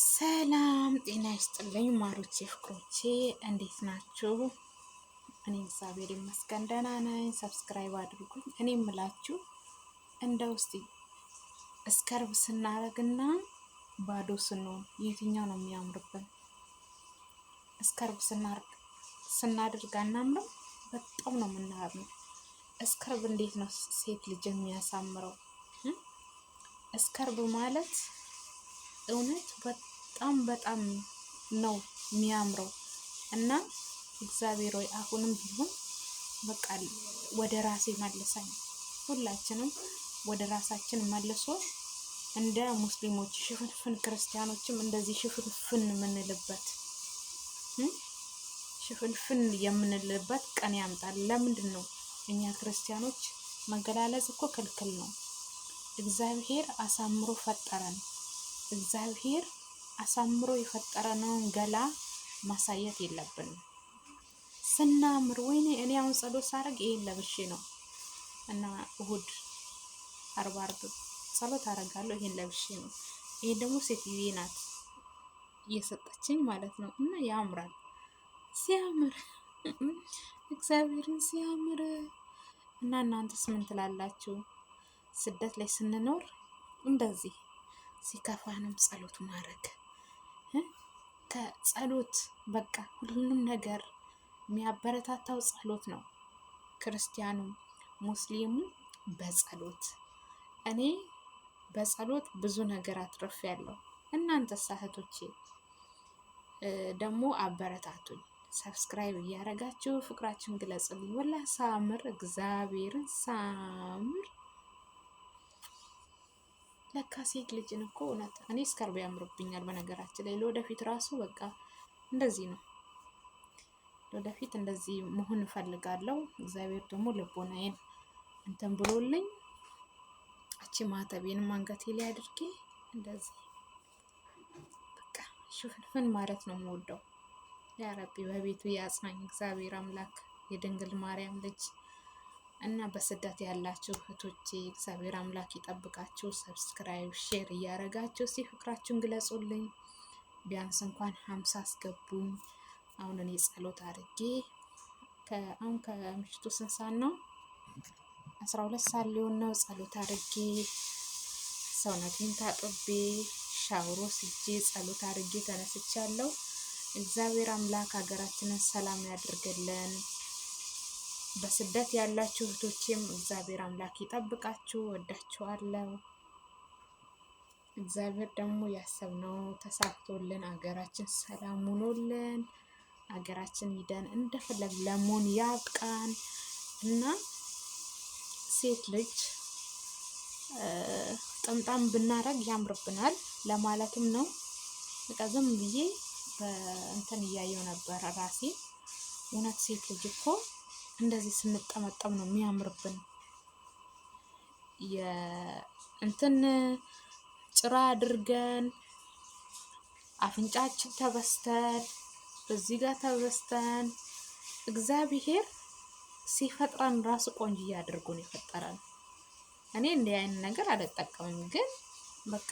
ሰላም ጤና ይስጥልኝ ማሮቼ ፍቅሮቼ፣ እንዴት ናችሁ? እኔ እግዚአብሔር ይመስገን ደህና ነኝ። ሰብስክራይብ አድርጉኝ። እኔ የምላችሁ እንደ ውስጥ እስከርብ ስናደርግና ባዶ ስንሆን የትኛው ነው የሚያምርብን? እስከርብ ስናደርግ አናምርም? በጣም ነው የምናምረው። እስከርብ እንዴት ነው ሴት ልጅ የሚያሳምረው? እስከርብ ማለት እውነት በጣም በጣም ነው የሚያምረው እና እግዚአብሔር ሆይ አሁንም ቢሆን በቃ ወደ ራሴ መልሰኝ። ሁላችንም ወደ ራሳችን መልሶ እንደ ሙስሊሞች ሽፍንፍን ክርስቲያኖችም እንደዚህ ሽፍንፍን የምንልበት ሽፍንፍን የምንልበት ቀን ያምጣል። ለምንድን ነው እኛ ክርስቲያኖች መገላለጽ እኮ ክልክል ነው። እግዚአብሔር አሳምሮ ፈጠረን። እግዚአብሔር አሳምሮ የፈጠረነውን ገላ ማሳየት የለብንም። ስናምር ወይኔ እኔ አሁን ጸሎት ሳረግ ይሄን ለብሼ ነው እና እሁድ አርባ አርብ ጸሎት አደርጋለሁ ይሄን ለብሼ ነው። ይሄን ደግሞ ሴትዬ ናት እየሰጠችኝ ማለት ነው እና ያምራል። ሲያምር እግዚአብሔርን ሲያምር እና እናንተስ ምን ትላላችሁ? ስደት ላይ ስንኖር እንደዚህ ሲከፋንም ጸሎት ማድረግ ከጸሎት በቃ ሁሉም ነገር የሚያበረታታው ጸሎት ነው። ክርስቲያኑ፣ ሙስሊሙ በጸሎት እኔ በጸሎት ብዙ ነገር ያለው እናንተ ሳህቶቼ ደግሞ አበረታቱኝ። ሰብስክራይብ እያደረጋችሁ ፍቅራችሁን ግለጽልኝ። ወላ ሳምር፣ እግዚአብሔርን ሳምር ለካ ሴት ልጅን እኮ እውነት እኔ እስከርብ ያምርብኛል። በነገራችን ላይ ለወደፊት ራሱ በቃ እንደዚህ ነው። ለወደፊት እንደዚህ መሆን እፈልጋለሁ። እግዚአብሔር ደግሞ ልቦናዬን እንትን ብሎልኝ እቺ ማተቤንም አንገቴ ላይ አድርጌ እንደዚህ በቃ ሽፍንፍን ማለት ነው የምወደው። ያረቢ በቤቱ ያጽናኝ እግዚአብሔር አምላክ የድንግል ማርያም ልጅ እና በስደት ያላችሁ እህቶቼ እግዚአብሔር አምላክ ይጠብቃችሁ። ሰብስክራይብ፣ ሼር እያደረጋችሁ እስኪ ፍቅራችሁን ግለጹልኝ። ቢያንስ እንኳን ሀምሳ አስገቡኝ። አሁን እኔ ጸሎት አድርጌ አሁን ከምሽቱ ስንት ሰዓት ነው? አስራ ሁለት ሰዓት ሊሆን ነው። ጸሎት አድርጌ ሰውነቴን ታጥቤ ሻውሮ ስጄ ጸሎት አድርጌ ተነስቻለሁ። እግዚአብሔር አምላክ ሀገራችንን ሰላም ያድርግልን። በስደት ያላችሁ እህቶቼም እግዚአብሔር አምላክ ይጠብቃችሁ። ወዳችኋለሁ። እግዚአብሔር ደግሞ ያሰብነው ተሳክቶልን አገራችን ሰላም ሆኖልን አገራችን ሂደን እንደፈለግ ለመሆን ያብቃን እና ሴት ልጅ ጥምጣም ብናረግ ያምርብናል ለማለትም ነው። በቃ ዝም ብዬ እንትን እያየው ነበር ራሴ እውነት ሴት ልጅ እኮ እንደዚህ ስንጠመጠም ነው የሚያምርብን። እንትን ጭራ አድርገን አፍንጫችን ተበስተን በዚህ ጋር ተበስተን እግዚአብሔር ሲፈጥረን ራሱ ቆንጆ እያደርጉን የፈጠረን። እኔ እንዲህ አይነት ነገር አልጠቀምም፣ ግን በቃ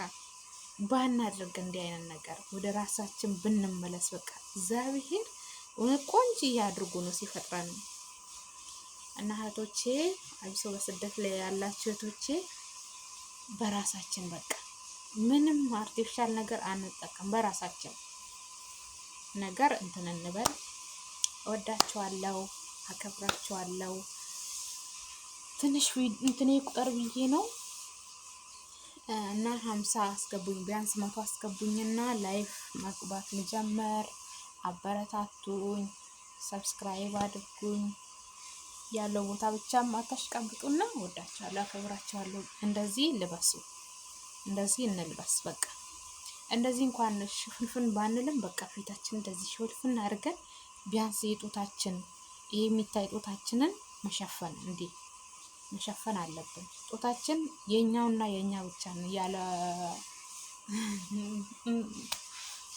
ባናደርግ እንዲህ አይነት ነገር ወደ ራሳችን ብንመለስ በቃ እግዚአብሔር ቆንጅ ቆንጆ እያደርጉ ነው ሲፈጥረን። እና እህቶቼ አብሶ በስደት ላይ ያላችሁ እህቶቼ በራሳችን በቃ ምንም አርቲፊሻል ነገር አንጠቀም። በራሳችን ነገር እንትን እንበል። እወዳችኋለሁ፣ አከብራችኋለሁ። ትንሽ እንትኔ ቁጥር ብዬ ነው እና ሀምሳ አስገቡኝ ቢያንስ መቶ አስገቡኝና ላይፍ መግባት ልጀምር። አበረታቱኝ፣ ሰብስክራይብ አድርጉኝ። ያለው ቦታ ብቻ አታሽቀብጡና፣ ወዳቸዋለሁ፣ አከብራቸዋለሁ። እንደዚህ ልበሱ፣ እንደዚህ እንልበስ። በቃ እንደዚህ እንኳን ሽፍንፍን ባንልም በቃ ፊታችን እንደዚህ ሽፍንፍን አድርገን ቢያንስ የጦታችን የሚታይ ጦታችንን መሸፈን እንዴ መሸፈን አለብን። ጦታችን የኛውና የኛ ብቻ ነው ያለ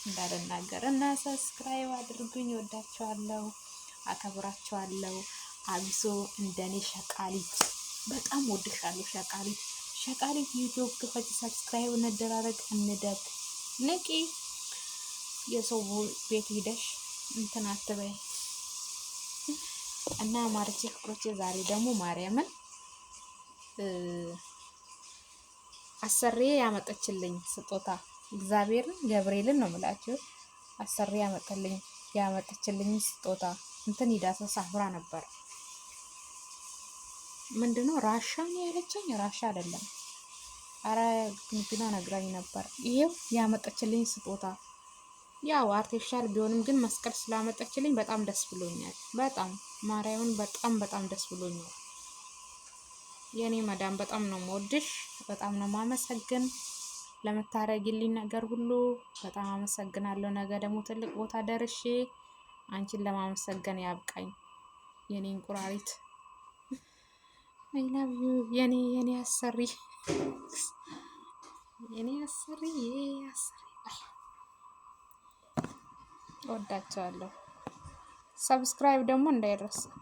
እንዳልናገር እና ሰብስክራይብ አድርጉኝ። ወዳቸዋለሁ፣ አከብራቸዋለሁ። አብሶ እንደኔ ሸቃሊት በጣም ወድሻለሁ። ሸቃሊት ሸቃሊት ዩቲዩብ ክፈች፣ ሰብስክራይብ እንደራረግ፣ እንደግ ንቂ። የሰው ቤት ሂደሽ እንትን አትበይ እና ማርቼ ፍቅሮቼ፣ ዛሬ ደግሞ ማርያምን አሰሬ ያመጠችልኝ ስጦታ እግዚአብሔርን ገብርኤልን ነው የምላችሁ። አሰሬ ያመጠልኝ ያመጠችልኝ ስጦታ እንትን ሂዳ ሳፍራ ነበር ምንድነው ራሻ ነው ያለችኝ? ራሻ አይደለም። አረ ግንግና ነግራኝ ነበር። ይሄው ያመጣችልኝ ስጦታ ያው አርቲፊሻል ቢሆንም ግን መስቀል ስላመጣችልኝ በጣም ደስ ብሎኛል። በጣም ማርያምን በጣም በጣም ደስ ብሎኛል። የኔ መዳም በጣም ነው መወድሽ፣ በጣም ነው ማመሰግን። ለምታረጊልኝ ነገር ሁሉ በጣም አመሰግናለሁ። ነገ ደግሞ ትልቅ ቦታ ደርሼ አንቺን ለማመሰገን ያብቃኝ የኔ እንቁራሪት። አይላቭ ዩ የኔ የኔ አሰሪ የኔ አሰሪ አሰሪ እወዳቸዋለሁ። ሰብስክራይብ ደግሞ እንዳይረሳ።